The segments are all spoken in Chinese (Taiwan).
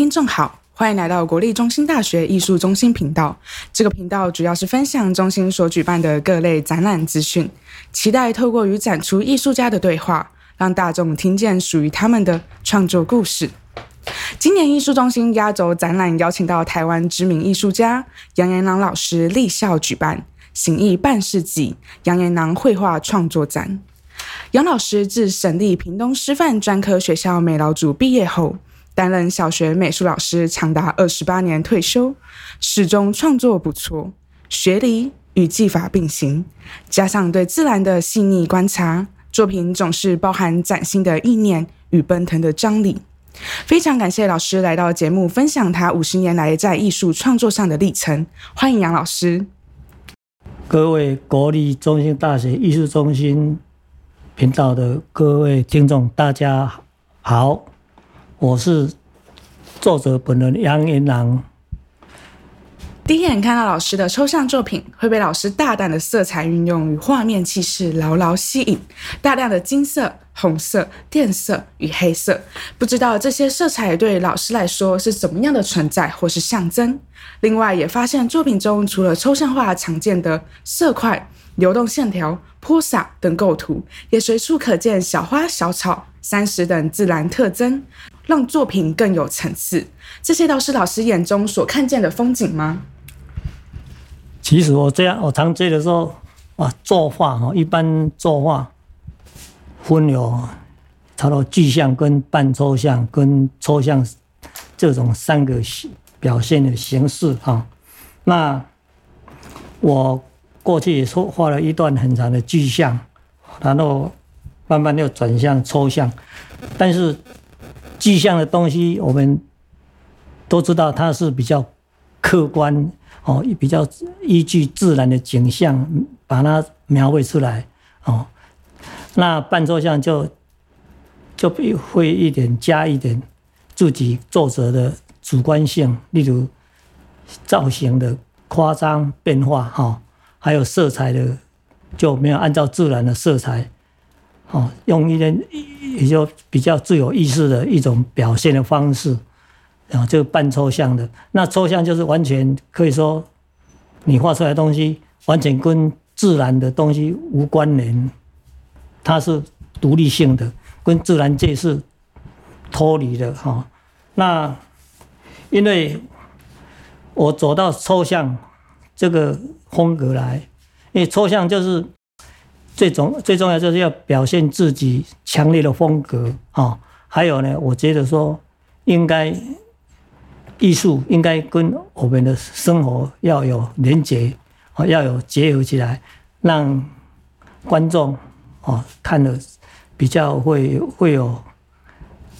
聽眾好，歡迎來到國立中興大學藝術中心頻道。這個頻道主要是分享中心所舉辦的各類展覽資訊，期待透過與展出藝術家的對話，讓大眾聽見屬於他們的創作故事。今年藝術中心壓軸展覽邀請到台灣知名藝術家楊嚴囊老師蒞校舉辦“行藝半世紀”楊嚴囊繪畫創作展。楊老師自省立屏東師範專科學校美勞組畢業後，擔任小學美術老師長達二十八年，退休始終創作不輟，學理與技法並行，加上對自然的細膩觀察，作品總是包含嶄新的意念與奔騰的張力。非常感謝老師來到節目，分享他五十年來在藝術創作上的歷程。歡迎楊老師，各位國立中興大學藝術中心頻道的各位聽眾，大家好。我是作者本人楊嚴囊。第一眼看到老師的抽象作品，會被老師大膽的色彩運用與畫面氣勢牢牢吸引。大量的金色、紅色、靛色與黑色，不知道這些色彩對老師來說是怎麼樣的存在或是象徵。另外，也發現作品中除了抽象畫常見的色塊、流動線條、潑灑等構圖，也隨處可見小花、小草、山石等自然特徵。讓作品更有層次，這些都是老師眼中所看見的風景嗎？其實我這樣，我常追的時候啊，作畫哈，一般作畫分有它的具象、跟半抽象、跟抽象這種三個表現的形式哈、啊。那我過去也作畫了一段很長的具象，然後慢慢又轉向抽象，但是。具象的東西，我們都知道它是比較客觀哦，比較依據自然的景象把它描繪出來哦。那半抽象就就比會一點加一點自己作者的主觀性，例如造型的誇張變化哈，還有色彩的就沒有按照自然的色彩。哦，用一點也就比較自由意識的一種表現的方式，啊，就半抽象的。那抽象就是完全可以說，你畫出來的東西完全跟自然的東西無關聯，它是獨立性的，跟自然界是脫離的哈。那因為我走到抽象這個風格來，因為抽象就是。最重最重要就是要表現自己強烈的風格啊！還有呢，我覺得說應該藝術應該跟我們的生活要有連接啊，要有結合起來，讓觀眾哦看了比較會會有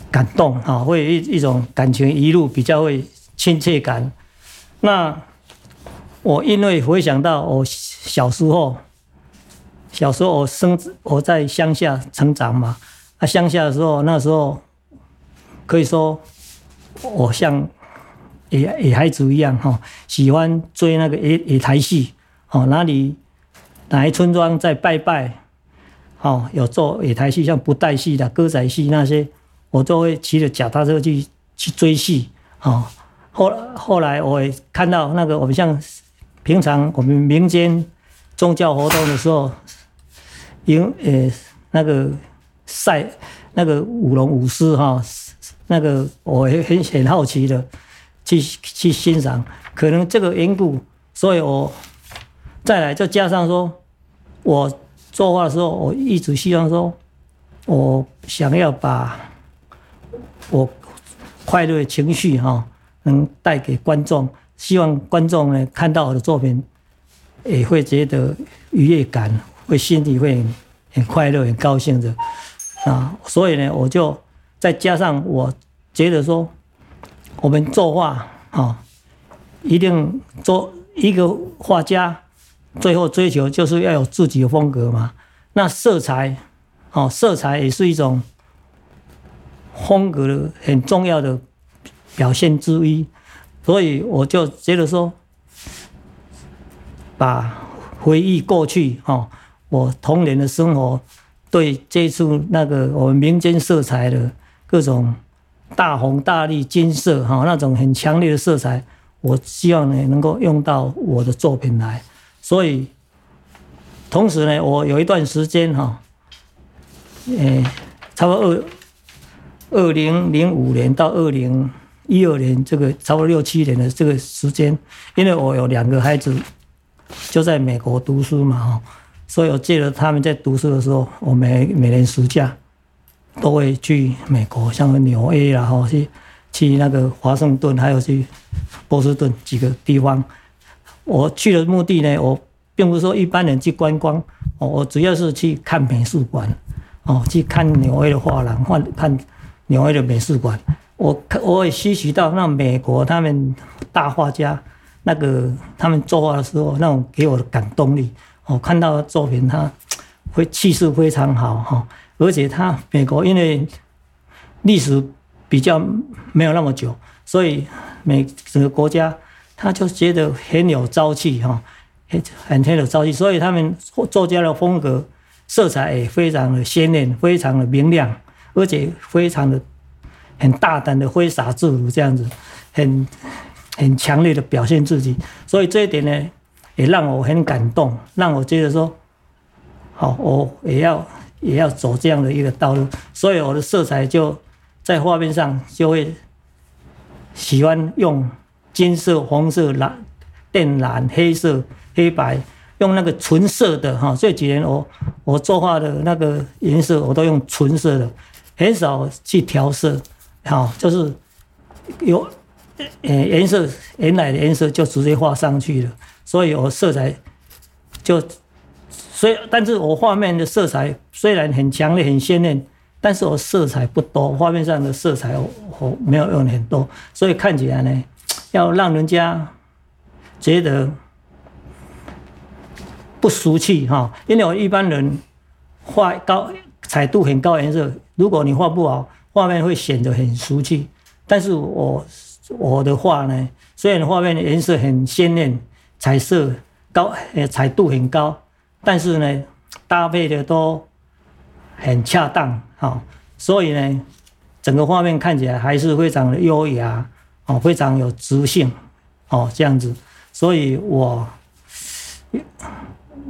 感動啊，會有一一種感情移入比較會親切感。那我因為回想到我小時候。小時候，我生我在鄉下成長嘛，那、啊、鄉下的時候，那時候可以說我像野野孩子一樣哈、哦，喜歡追那個野野台戲，哦，哪裡哪一村莊在拜拜，哦，有做野台戲，像布袋戲的歌仔戲那些，我就都會騎着腳踏車去去追戲，哦，後後來我也看到那個我們像平常我們民間宗教活動的時候。因為、欸、那個賽那個舞龍舞獅哈，那個我很很好奇的去去欣賞，可能這個緣故，所以我再來再加上說，我作畫的時候，我一直希望說，我想要把我快樂的情緒哈，能帶給觀眾，希望觀眾呢看到我的作品也會覺得愉悅感。會心裡會很很快樂，很高興的啊，所以呢，我就再加上我覺得說，我們作畫哦，一定做一個畫家，最後追求就是要有自己的風格嘛。那色彩哦，色彩也是一種風格的很重要的表現之一，所以我就覺得說，把回憶過去哦。我童年的生活，對接觸那個我們民間色彩的各種大紅大綠、金色哈那種很強烈的色彩，我希望呢能夠用到我的作品來。所以，同時呢，我有一段時間哈，呃、欸，差不多二零零五年到二零一二年這個差不多六七年的這個時間，因為我有兩個孩子就在美國讀書嘛哈。所以我記得他們在讀書的時候，我每每年暑假都會去美國，像紐約，然後去去那個華盛頓，還有去波士頓幾個地方。我去的目的呢，我並不是說一般人去觀光，哦，我主要是去看美術館，哦，去看紐約的畫廊，或看紐約的美術館。我我也吸取到那美國他們大畫家那個他們作畫的時候那種給我的感動力。我看到的作品，他會氣勢非常好哈，而且他美國因為歷史比較沒有那麼久，所以美整個國家他就覺得很有朝氣哈，很很有朝氣，所以他們作家的風格色彩也非常的鮮豔，非常的明亮，而且非常的很大膽的揮灑自如，這樣子很很強烈的表現自己，所以這一點呢。也讓我很感動，讓我覺得說，好，我也要也要走這樣的一個道路，所以我的色彩就在畫面上就會喜歡用金色、紅色、藍、靛藍、黑色、黑白，用那個純色的哈。這幾年我我作畫的那個顏色我都用純色的，很少去調色，哈，就是有，呃，顏色原來的顏色就直接畫上去了。所以我色彩就，所以，但是我畫面的色彩雖然很強烈、很鮮豔，但是我色彩不多，畫面上的色彩我，我沒有用很多，所以看起來呢，要讓人家覺得不俗氣哈。因為我一般人畫高彩度很高顏色，如果你畫不好，畫面會顯得很俗氣。但是我我的畫呢，雖然畫面的顏色很鮮豔。彩色高，呃，彩度很高，但是呢，搭配的都很恰當，哈，哦，所以呢，整個畫面看起來還是非常的優雅，哦，非常有磁性，哦，這樣子，所以我，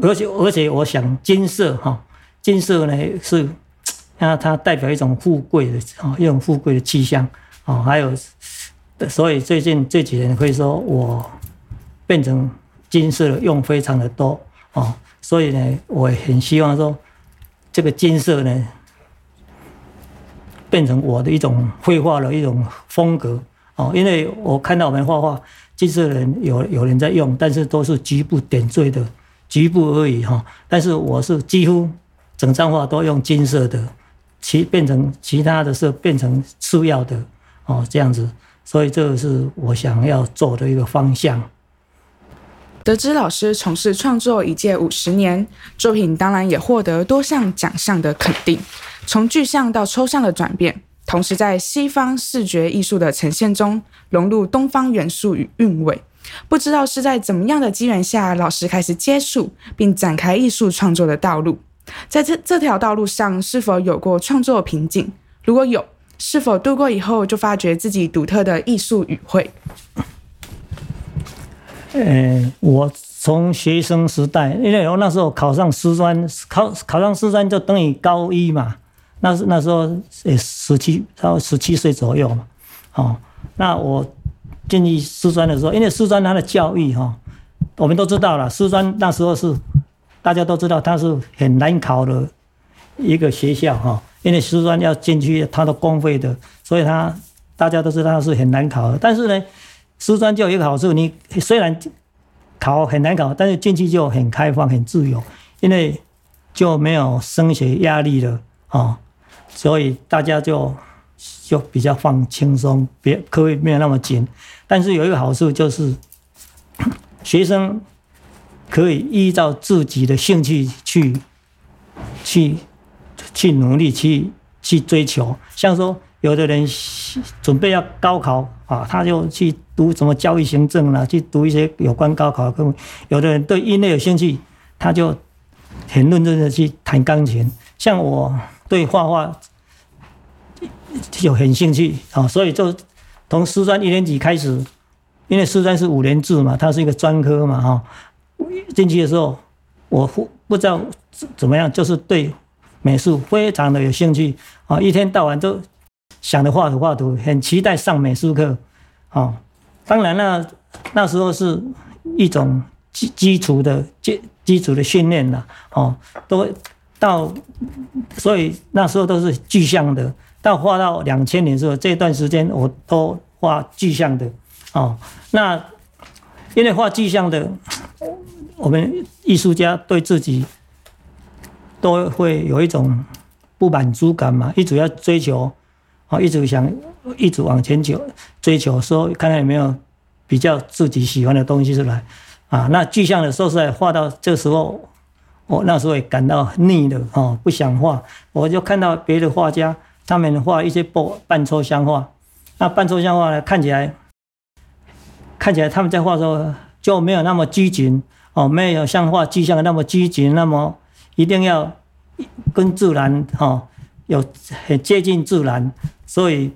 而且而且我想金色，哈，哦，金色呢是，啊，它代表一種富貴的，哦，一種富貴的氣象，哦，還有，所以最近這幾年可以說我。變成金色的用非常的多哦，所以呢，我也很希望說，這個金色呢，變成我的一種繪畫的一種風格哦，因為我看到我們畫畫，金色有人有人在用，但是都是局部點綴的，局部而已哈。但是我是幾乎整張畫都用金色的，其變成其他的是變成次要的哦，這樣子，所以這個是我想要做的一個方向。得知老師從事創作已屆五十年，作品當然也獲得多項獎項的肯定。從具象到抽象的轉變，同時在西方視覺藝術的呈現中融入東方元素與韻味。不知道是在怎麼樣的機緣下，老師開始接觸並展開藝術創作的道路？在這這條道路上，是否有過創作瓶頸？如果有，是否度過以後就發覺自己獨特的藝術語彙？呃，我從學生時代，因為我那時候考上師專，考考上師專就等於高一嘛，那時那時候呃十七，差不多十七歲左右嘛，哦，那我進去師專的時候，因為師專它的教育哈、哦，我們都知道了，師專那時候是大家都知道它是很難考的一個學校哈、哦，因為師專要進去，它的公費的，所以它大家都知道是很難考的，但是呢，師專就有一個好處，你雖然考很難考，但是進去就很開放、很自由，因為就沒有升學壓力了啊、哦，所以大家就就比較放輕鬆，別課業沒有那麼緊。但是有一個好處就是，學生可以依照自己的興趣去去去努力去去追求。像說有的人準備要高考。啊，他就去讀什麼教育行政啦、啊，去讀一些有關高考的科目。有的人對音樂有興趣，他就很認真的去彈鋼琴。像我對畫畫有很興趣啊，所以就從師專一年級開始，因為師專是五年制嘛，它是一個專科嘛，哈、啊。進去的時候，我不不知道怎麼樣，就是對美術非常的有興趣啊，一天到晚都。想着畫圖，畫圖，很期待上美術課。哦，當然了，那時候是一種基基礎的基基礎的訓練啦，哦，都到，所以那時候都是具象的，到畫到兩千年的時候，這段時間我都畫具象的，哦，那因為畫具象的，我們藝術家對自己都會有一種不滿足感嘛，一直要追求。哦，一直想一直往前走，追求說，說看看有沒有比較自己喜歡的東西出來啊。那具象的說出來畫到這時候，我那時候也感到膩了啊，不想畫。我就看到別的畫家他們畫一些半抽象畫，那半抽象畫呢，看起來看起來他們在畫的時候就沒有那麼拘謹哦，沒有像畫具象的那麼拘謹，那麼一定要跟自然哈、哦、有很接近自然。所以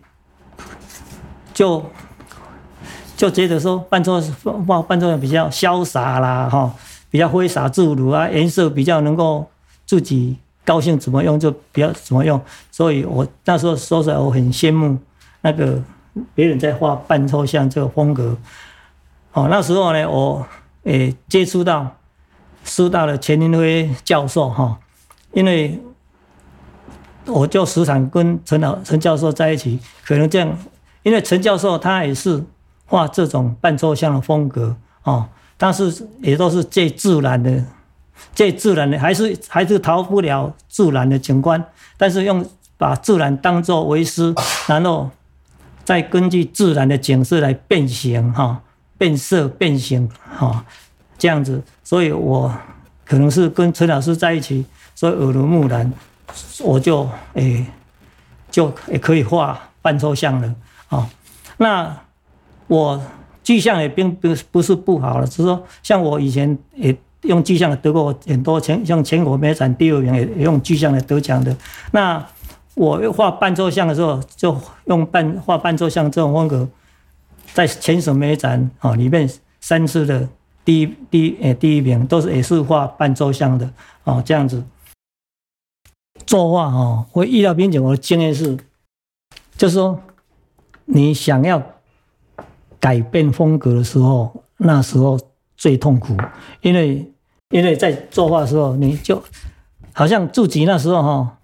就就覺得說，半抽象畫，半抽象比較瀟灑啦，哈，比較揮灑自如啊，顏色比較能夠自己高興怎麼用就比較怎麼用。所以，我那時候說出來，我很羨慕那個別人在畫半抽象這個風格。哦，那時候呢，我誒接觸到，收到了錢林輝教授哈，因為。我就時常跟陳老陳教授在一起，可能這樣，因為陳教授他也是畫這種半抽象的風格哦，但是也都是最自然的，最自然的，還是還是逃不了自然的景觀，但是用把自然當作為師，然後再根據自然的景色來變形哈、哦，變色變形哈、哦，這樣子，所以我可能是跟陳老師在一起，所以耳濡目染。我就誒、欸，就也可以畫半抽象了。啊。那我具象也並不不是不好了，只是說像我以前也用具象得過很多前，像全國美展第二名也用具象的得獎的。那我畫半抽象的時候，就用半畫半抽象這種風格，在全省美展啊裡面三次的第一第誒、欸、第一名都是也是畫半抽象的哦，這樣子。作畫哦，我遇到瓶頸，我的經驗是，就是說，你想要改變風格的時候，那時候最痛苦，因為，因為在作畫的時候，你就好像自己那時候哈，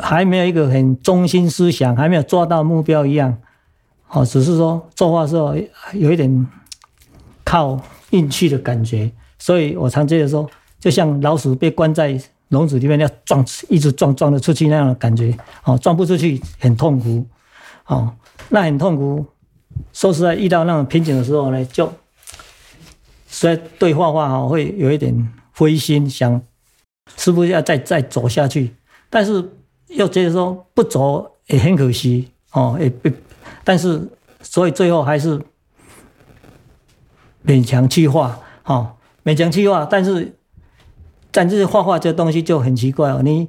還沒有一個很中心思想，還沒有抓到目標一樣，哦，只是說作畫時候有一點靠運氣的感覺，所以我常覺得說，就像老鼠被關在。籠子裡面要撞，一直撞撞的出去那樣的感覺，哦，撞不出去很痛苦，哦，那很痛苦。說實在，遇到那種瓶頸的時候呢，就雖然對畫畫哦，會有一點灰心，想是不是要再再走下去？但是又覺得說不走也很可惜，哦，也不，但是所以最後還是勉強去畫哈，勉強去畫，但是。但是畫畫這東西就很奇怪哦，你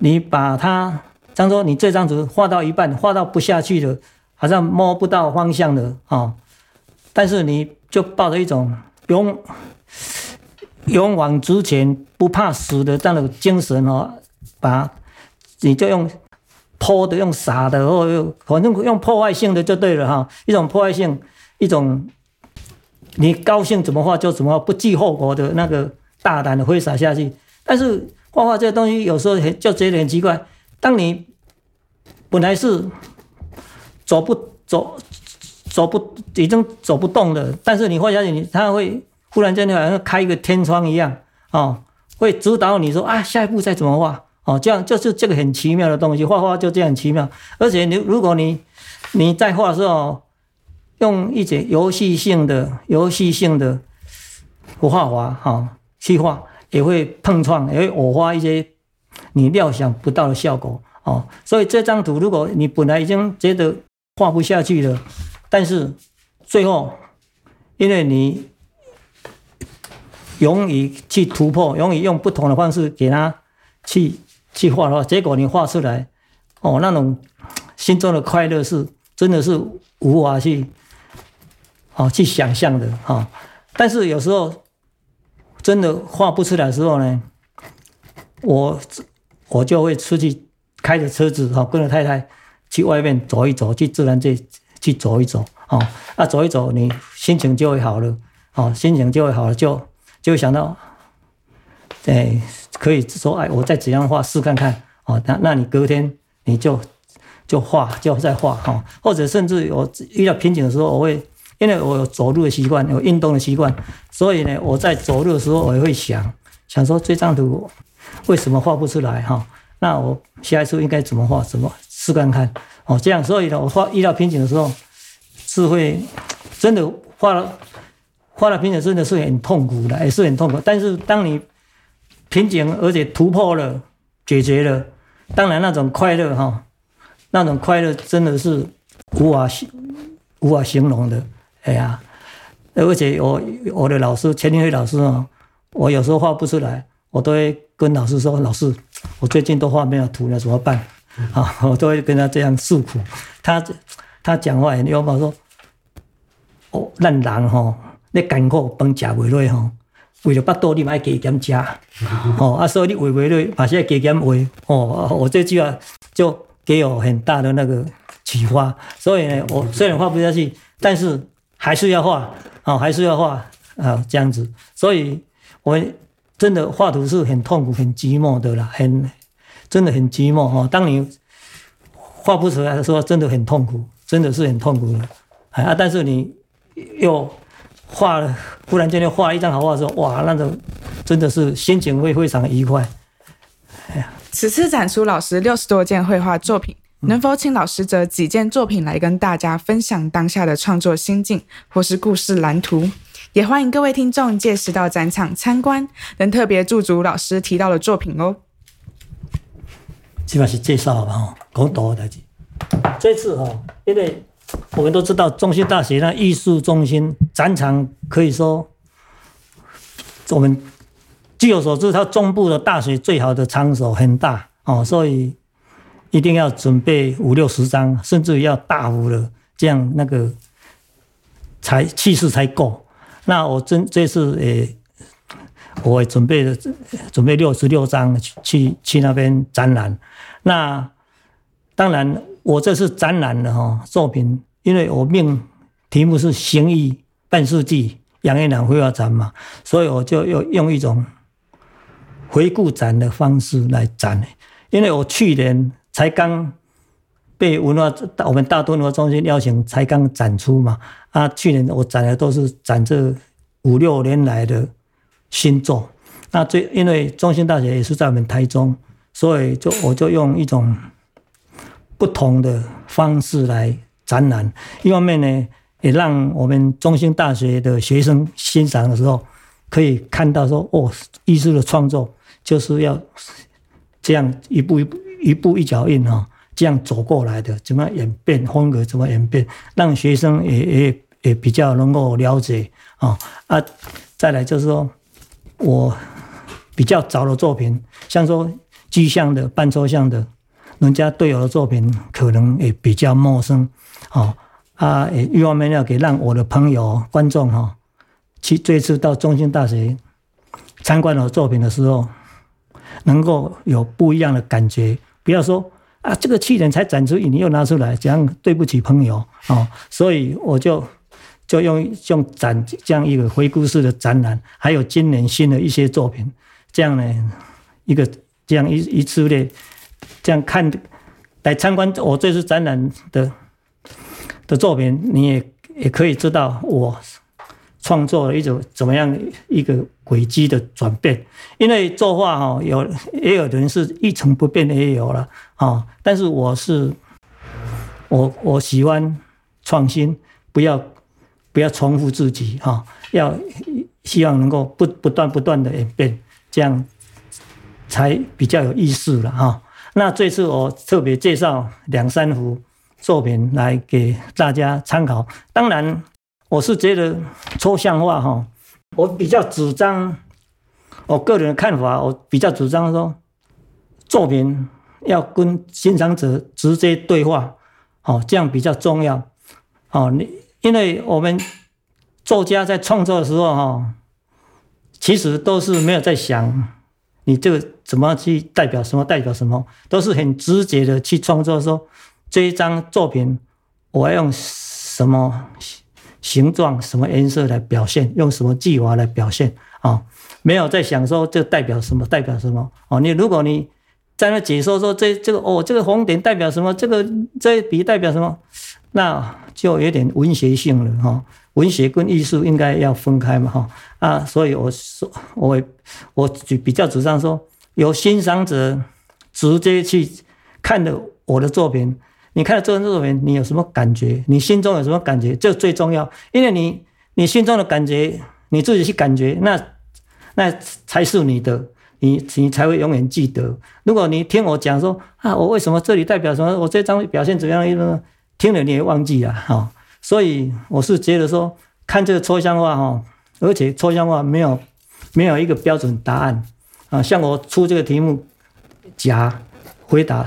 你把它，像說你這張紙畫到一半，畫到不下去了，好像摸不到方向了啊。但是你就抱着一種勇勇往直前，不怕死的這樣的精神哦，把你就用潑的、用灑的或又反正用破壞性的就對了哈，一種破壞性，一種你高興怎麼畫就怎麼畫，不計後果的那個。大膽的揮灑下去，但是畫畫這個東西有時候很就覺得很奇怪。當你本來是走不走走不已經走不動了，但是你畫下去，你它會忽然間就好像開一個天窗一樣，哦，會指導你說啊，下一步再怎麼畫哦，這樣就是這個很奇妙的東西。畫畫就這樣奇妙，而且你如果你你在畫的時候、哦、用一些遊戲性的、遊戲性的畫畫哈。哦去畫也會碰撞，也會偶發一些你料想不到的效果哦。所以這張圖，如果你本來已經覺得畫不下去了，但是最後因為你勇於去突破，勇於用不同的方式給他去去畫的話，結果你畫出來哦，那種心中的快樂是真的是無法去哦，去想象的哦，但是有時候。真的畫不出來的時候呢，我我就會出去開着車子哈，跟着太太去外面走一走，去自然界去走一走哦。那，走一走，你心情就會好了，哦，心情就會好了，就就想到，哎、欸，可以說，哎，我再怎樣畫試看看，哦，那那你隔天你就就畫，就再畫哈，或者甚至我遇到瓶頸的時候，我會。因為我有走路的習慣，有運動的習慣，所以呢，我在走路的時候，我也會想想說這張圖為什麼畫不出來哈？那我下一次應該怎麼畫？怎麼試，試看看？哦，這樣。所以呢，我畫遇到瓶頸的時候是會真的畫了畫了瓶頸，真的是很痛苦的，也是很痛苦。但是當你瓶頸而且突破了、解決了，當然那種快樂哈，那種快樂真的是無法形無法形容的。哎呀，而且我我的老師錢天惠老師哦，我有時候畫不出來，我都會跟老師說：“老師，我最近都畫不了圖了，你怎麼辦？”啊，我都會跟他這樣訴苦。他他講話很幽默，我寶寶說：“哦，咱人吼，你艱苦飯吃袂落吼，為了巴肚你嘛加減食，吼，啊，所以你畫袂落，還是加減畫。吼、哦，我這句話就給我很大的那個啟發。所以呢，我雖然畫不下去，但是。還是要畫啊、哦，還是要畫啊、哦，這樣子。所以，我們真的畫圖是很痛苦、很寂寞的啦，很，真的很寂寞啊、哦。當你畫不出來的時候，真的很痛苦，真的是很痛苦的。哎、啊，但是你又畫了，忽然間又畫了一張好畫的時候，哇，那種、個、真的是心情會非常愉快。哎呀，此次展出老師六十多件繪畫作品。能否請老師這幾件作品來跟大家分享當下的創作心境，或是故事藍圖？也歡迎各位聽眾屆時到展場參觀，能特別駐足老師提到的作品哦。主要是介紹好講多的。嗯、這次哈、哦，因為我們都知道，中興大學呢，藝術中心展場可以說，我們據我所知，它中部的大學最好的場所很大哦，所以。一定要準備五六十張，甚至於要大幅的這樣，那個才氣勢才夠。那我真這次誒，我也準備了準備六十六張去去那邊展覽。那當然，我這次展覽的哈作品，因為我命題目是“行藝半世紀——楊嚴囊繪畫展”嘛，所以我就要用一種回顧展的方式來展。因為我去年。才剛被文化我們大墩文化中心邀請才剛展出嘛，啊去年我展的都是展這五六年來的新作，那最因為中興大學也是在我們台中，所以就我就用一種不同的方式來展覽，一方面呢也讓我們中興大學的學生欣賞的時候可以看到說哦藝術的創作就是要這樣一步一步。一步一腳印哈，這樣走過來的，怎麼演變風格，怎麼演變，讓學生也也也比較能夠了解啊、哦、啊！再來就是說，我比較早的作品，像說具象的、半抽象的，人家對我的作品可能也比較陌生。好、哦、啊，也希望面要給讓我的朋友、觀眾哈，去、哦、這次到中興大學參觀我的作品的時候，能夠有不一樣的感覺。不要說啊，這個去年才展出，你又拿出來，這樣對不起朋友哦。所以我就就用用展這樣一個回顧式的展覽，還有今年新的一些作品，這樣呢，一個這樣一一次的這樣看來參觀我這次展覽的的作品，你也也可以知道我。創作的一種怎麼樣一個軌跡的轉變？因為作畫哈，有也有人是一成不變的，也有了啊。但是我是我我喜歡創新，不要不要重複自己啊，要希望能夠不不斷不斷的演變，這樣才比較有意思了哈。那這次我特別介紹兩三幅作品來給大家參考，當然。我是覺得抽象畫哈，我比較主張，我個人的看法，我比較主張說，作品要跟欣賞者直接對話，哦，這樣比較重要，哦，你因為我們作家在創作的時候哈，其實都是沒有在想你這個怎麼去代表什麼，代表什麼，都是很直接的去創作說，這一張作品我要用什麼。形狀什麼顏色來表現？用什麼技法來表現？啊、哦，沒有在想說這代表什麼，代表什麼？哦，你如果你在那解說說這這個哦，這個紅點代表什麼？這個這一筆代表什麼？那就有點文學性了哈、哦。文學跟藝術應該要分開嘛哈、哦、啊，所以我說我我比較主張說，由欣賞者直接去看的我的作品。你看了這幅作品，你有什麼感覺？你心中有什麼感覺？這最重要，因為你你心中的感覺，你自己去感覺，那那才是你的，你你才會永遠記得。如果你聽我講說啊，我為什麼這裡代表什麼？我這張表現怎麼樣？一種聽了你也忘記了哈、哦。所以我是覺得說，看這個抽象畫哈、哦，而且抽象畫沒有沒有一個標準答案啊、哦。像我出這個題目，假回答。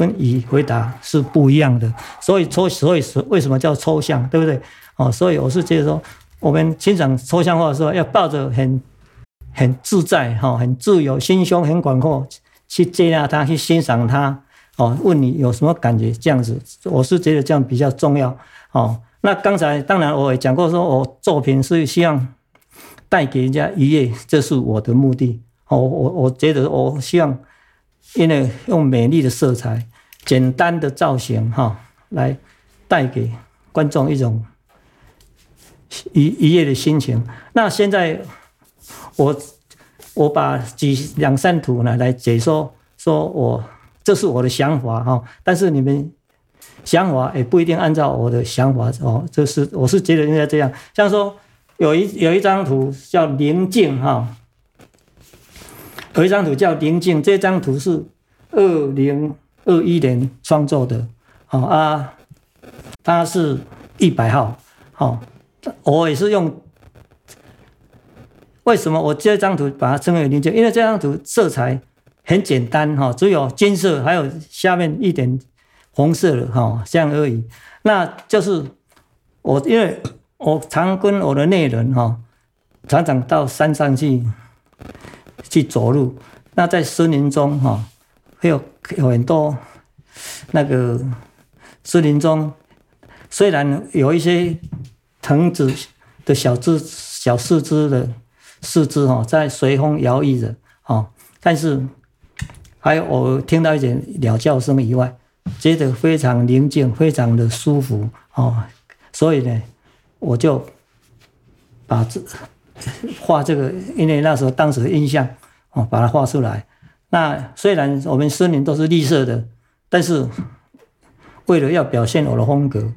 跟乙回答是不一樣的，所以抽，所以是為什麼叫抽象，對不對？哦，所以我是覺得說，我們欣賞抽象畫的時候，要抱着很很自在哈、哦，很自由，心胸很廣闊，去接納他，去欣賞他。哦，問你有什麼感覺？這樣子，我是覺得這樣比較重要。哦，那剛才當然我也講過說，說我作品是希望帶給人家愉悅，這是我的目的。哦，我我覺得我希望，因為用美麗的色彩。簡單的造型哈，來帶給觀眾一種愉愉悅的心情。那現在我我把幾兩三圖呢來解說，說我這是我的想法哈，但是你們想法也不一定按照我的想法哦。這是我是覺得應該這樣，像說有一有一張圖叫寧靜哈，有一張圖叫寧靜，這張圖是二零。二一年創作的，好啊，它是一百號，好、哦，我也是用。為什麼我這張圖把它稱為寧靜？因為這張圖色彩很簡單哈、哦，只有金色，還有下面一點紅色的哈、哦，這樣而已。那就是我因為我常跟我的內人哈常常到山上去去走路，那在森林中哈。哦還有很多那個森林中，雖然有一些藤子、的小枝、小樹枝的樹枝哈，在隨風搖曳着啊，但是還有我聽到一點鳥叫聲以外，覺得非常寧靜、非常的舒服哦，所以呢，我就把這畫這個，因為那時候當時的印象哦，把它畫出來。那雖然我們森林都是綠色的，但是為了要表現我的風格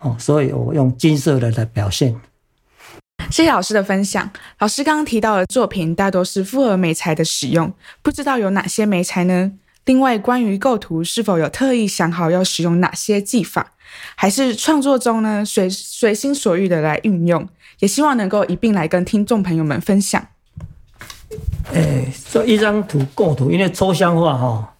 哦，所以我用金色的來表現。謝謝老師的分享。老師剛剛提到的作品大多是複合媒材的使用，不知道有哪些媒材呢？另外，關於構圖是否有特意想好要使用哪些技法，還是創作中呢隨隨心所欲的來運用？也希望能夠一併來跟聽眾朋友們分享。哎，這、欸、一張圖構圖，因為抽象畫哈、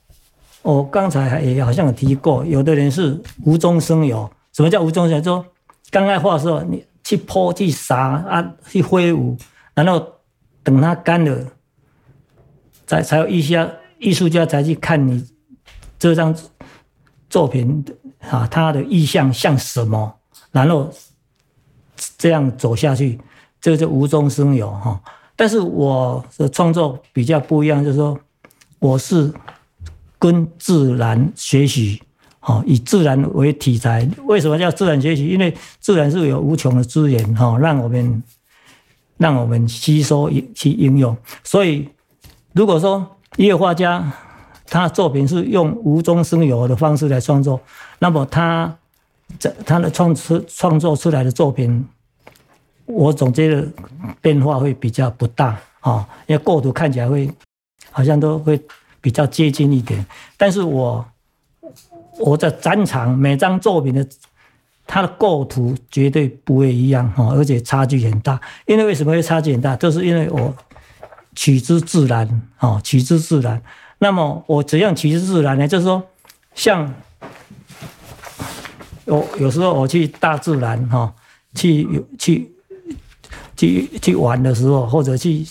哦，我剛才也好像有提過，有的人是無中生有。什麼叫無中生有？就是、說，剛開畫的時候，你去潑去灑啊，去揮舞，然後等它乾了，才才有一些藝術家才去看你這張作品啊，它的意象像什麼，然後這樣走下去，這個、就無中生有哈。哦但是我的創作比較不一樣，就是說，我是跟自然學習，好，以自然為題材。為什麼叫自然學習？因為自然是有無窮的資源，好，讓我們讓我們吸收去應用。所以，如果說一個畫家他作品是用無中生有的方式來創作，那麼他他的創出創作出來的作品。我總覺得變化會比較不大啊，因為構圖看起來會好像都會比較接近一點。但是我我在展場每張作品的它的構圖絕對不會一樣啊，而且差距很大。因為為什麼會差距很大，就是因為我取之自然啊，取之自然。那麼我怎樣取之自然呢？就是說像，像我有時候我去大自然啊，去去。去去玩的時候，或者去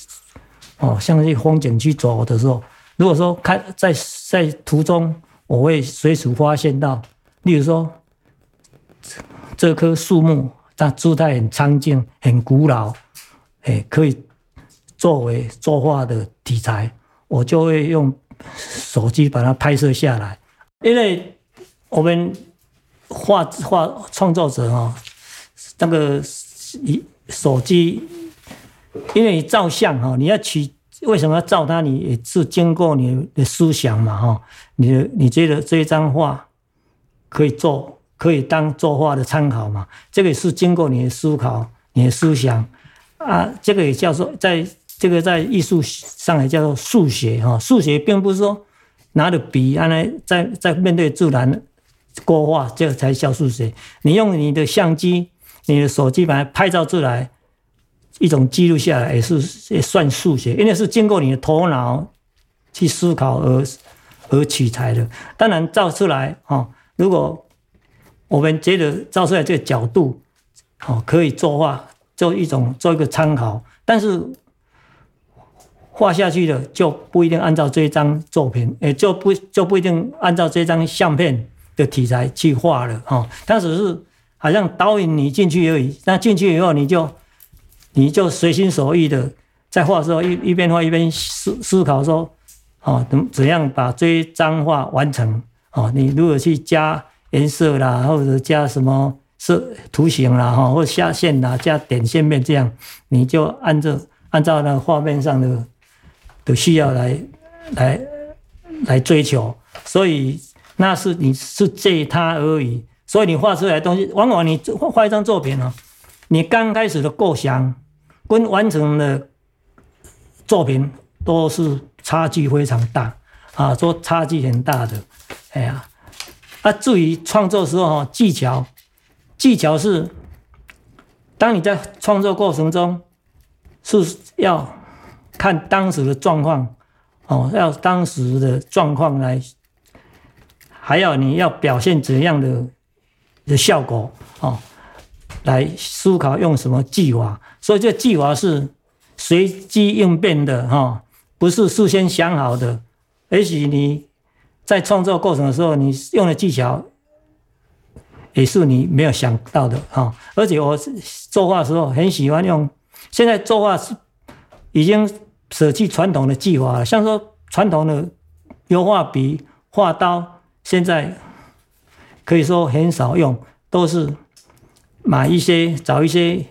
哦，像那些風景去走的時候，如果說看在在途中，我會隨時發現到，例如說這棵樹木，它姿態很蒼勁，很古老，哎、欸，可以作為作畫的題材，我就會用手機把它拍攝下來，因為我們畫畫創造者啊、哦，那個一。手機，因為你照相哈，你要取為什麼要照它？你也是經過你的思想嘛哈？你你覺得這一張畫可以做，可以當做畫的參考嘛？這個也是經過你的思考，你的思想啊，這個也叫做在這個在藝術上也叫做數學哈。數學並不是說拿着筆拿來在在面對自然勾畫，這個才叫數學。你用你的相機。你的手機本來拍照出來，一種記錄下來也是也算素寫，因為是經過你的頭腦去思考而而取材的。當然照出來哦，如果我們覺得照出來這個角度，好可以作畫，做一種做一個參考。但是畫下去的就不一定按照這張作品，也就不就不一定按照這張相片的題材去畫了哦，它只是,是。好像導引你進去而已，那進去以後你，你就你就隨心所欲的在畫的時候一一邊畫一邊思思考說，哦，怎怎樣把這張畫完成？哦，你如果去加顏色啦，或者加什麼色圖形啦，哈，或下線啦，加點線面這樣，你就按照按照那畫面上的的需要來來來追求，所以那是你是借他而已。所以你畫出來的東西，往往你畫一張作品哦，你剛開始的構想跟完成的作品都是差距非常大啊，說差距很大的，哎呀，啊至於創作時候，技巧，技巧是，當你在創作過程中是要看當時的狀況哦，要當時的狀況來，還要你要表現怎樣的。的效果哦，來思考用什麼技法，所以這技法是隨機應變的哈、哦，不是事先想好的，也許你在創作過程的時候，你用的技巧也是你沒有想到的啊、哦。而且我做作畫的時候很喜歡用，現在作畫是已經捨棄傳統的技法了，像說傳統的油畫筆、畫刀，現在。可以說很少用，都是買一些、找一些，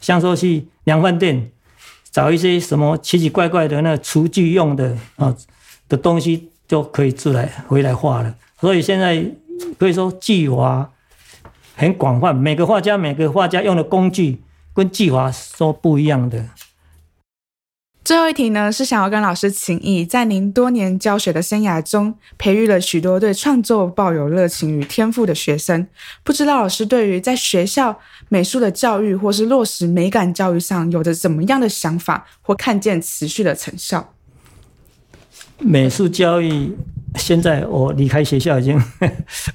像說去量販店，找一些什麼奇奇怪怪的那廚具用的啊、哦、的東西，就可以出來回來畫了。所以現在可以說技法很廣泛，每個畫家、每個畫家用的工具跟技法都不一樣的。最後一題呢，是想要跟老師請益，在您多年教學的生涯中，培育了許多對創作抱有熱情與天賦的學生。不知道老師對於在學校美術的教育，或是落實美感教育上，有着怎麼樣的想法，或看見持續的成效？美術教育，現在我離開學校已經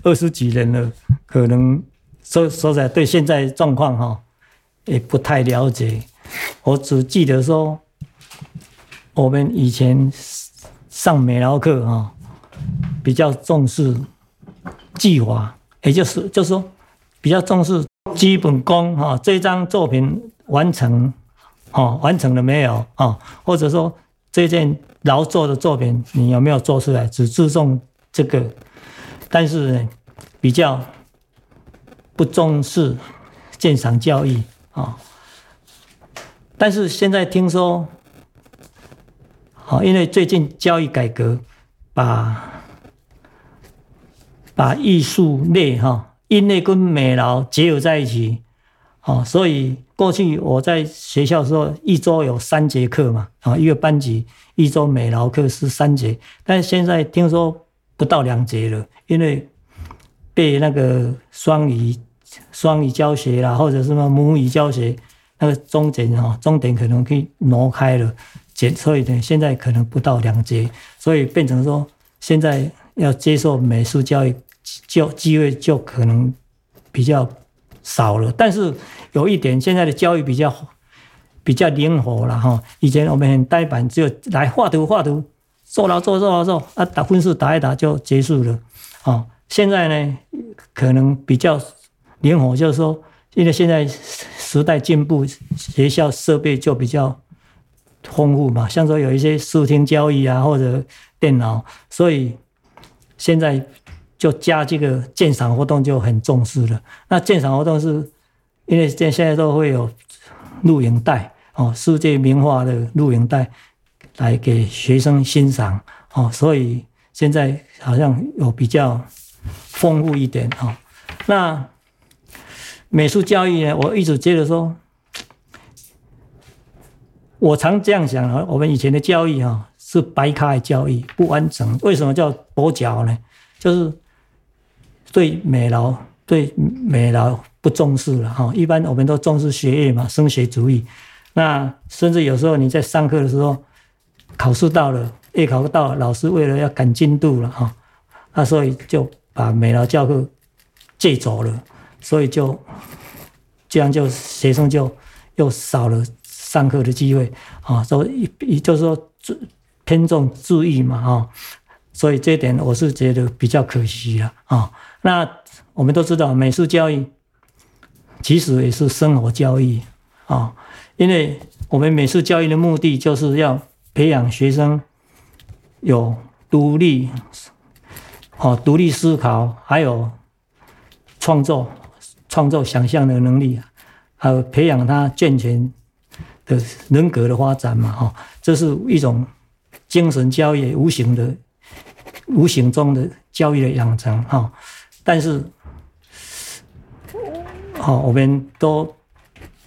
二十幾年了，可能說，說實在對現在狀況哈，也不太了解。我只記得說。我們以前上美勞課啊、哦，比較重視計劃，也就是就是說比較重視基本功啊、哦，這張作品完成啊、哦、完成了沒有啊、哦，或者說這件勞作的作品你有沒有做出來？只注重這個，但是呢比較不重視鑑賞教育啊、哦。但是現在聽說。好，因為最近教育改革，把把藝術類哈音樂跟美勞結合在一起。所以過去我在學校的時候，一周有三節課嘛，啊一個班級一周美勞課是三節，但現在聽說不到兩節了，因為被那個雙語雙語教學啦，或者什麼母語教學那個重點哈，重點可能可以挪開了。所以呢，現在可能不到兩節，所以變成說，現在要接受美術教育就，就機會就可能比較少了。但是有一點，現在的教育比較比較靈活了哈。以前我們很呆板，只有來畫圖、畫圖，做牢、做啦做啦做，啊，打分數、打一打就結束了。啊現在呢，可能比較靈活，就是說，因為現在時代進步，學校設備就比較。豐富嘛，像說有一些視聽教育啊，或者電腦，所以現在就加這個鑑賞活動就很重視了。那鑑賞活動是因為這現在都會有錄影帶哦，世界名畫的錄影帶來給學生欣賞哦，所以現在好像有比較豐富一點哦。那美術教育呢，我一直覺得說。我常這樣想啊，我們以前的教育啊是白開教育，不完整。為什麼叫跛腳呢？就是對美勞、對美勞不重視了哈，一般我們都重視學業嘛，升學主義。那甚至有時候你在上課的時候，考試到了，月考到了，老師為了要趕進度了啊，那所以就把美勞教課借走了，所以就這樣就學生就又少了。上課的機會啊，所以也就是說偏重注意嘛，啊，所以這點我是覺得比較可惜了，啊。那我們都知道，美術教育其實也是生活教育啊，因為我們美術教育的目的就是要培養學生有獨立哦，獨立思考，還有創作、創作想象的能力，還有培養他健全。的人格的發展嘛，哈，這是一種精神教育，無形的、無形中的教育的養成，哈。但是，好、哦，我們都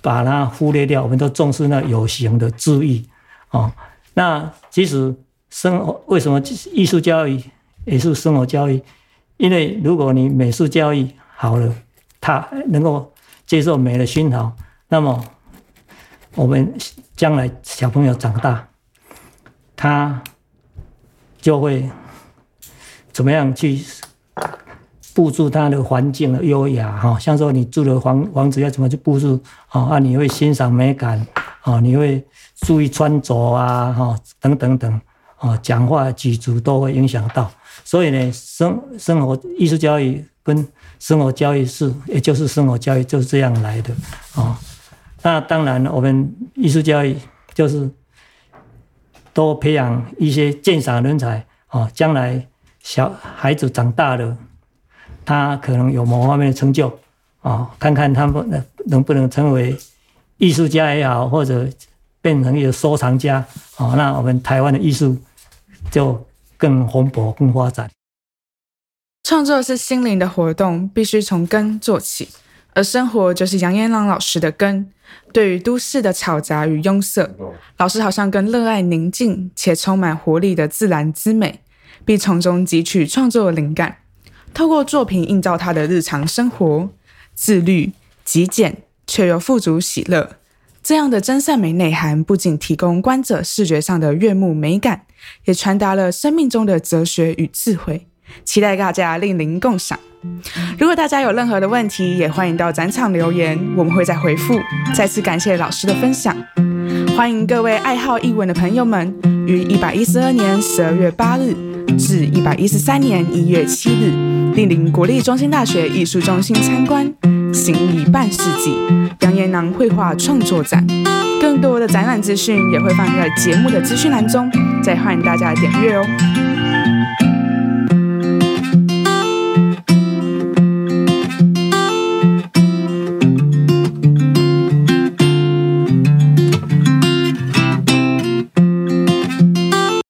把它忽略掉，我們都重視那有形的智育，啊、哦。那其實生活，為什麼藝術教育也是生活教育？因為如果你美術教育好了，他能夠接受美的熏陶，那麼，我們將來小朋友長大，他就會怎麼樣去布置他的環境的優雅哈、哦？像說你住的房房子要怎麼去布置啊、哦？啊，你會欣賞美感啊、哦？你會注意穿着啊？哈、哦，等等等啊、哦，講話舉止都會影響到。所以呢，生生活藝術教育跟生活教育是，也就是生活教育就是這樣來的啊。哦那當然，我們藝術教育就是多培養一些鑑賞人才啊、哦，將來小孩子長大了，他可能有某方面的成就啊、哦，看看他們能不能成為藝術家也好，或者變成一個收藏家啊、哦，那我們台灣的藝術就更蓬勃、更發展。創作是心靈的活動，必須從根做起。而生活就是楊嚴囊老師的根。對於都市的嘈雜與庸俗，老師好像更熱愛寧靜且充滿活力的自然之美，並從中汲取創作靈感，透過作品映照他的日常生活：自律、極簡卻又富足喜樂。這樣的真善美內涵，不僅提供觀者視覺上的悅目美感，也傳達了生命中的哲學與智慧。期待大家蒞臨共賞。如果大家有任何的問題，也歡迎到展場留言，我們會再回復。再次感謝老師的分享，歡迎各位愛好藝文的朋友們於一百一十二年十二月八日至一百一十三年一月七日蒞臨國立中興大學藝術中心參觀《行藝半世紀》楊嚴囊繪畫創作展。更多的展覽資訊也會放在節目的資訊欄中，再歡迎大家點閱哦。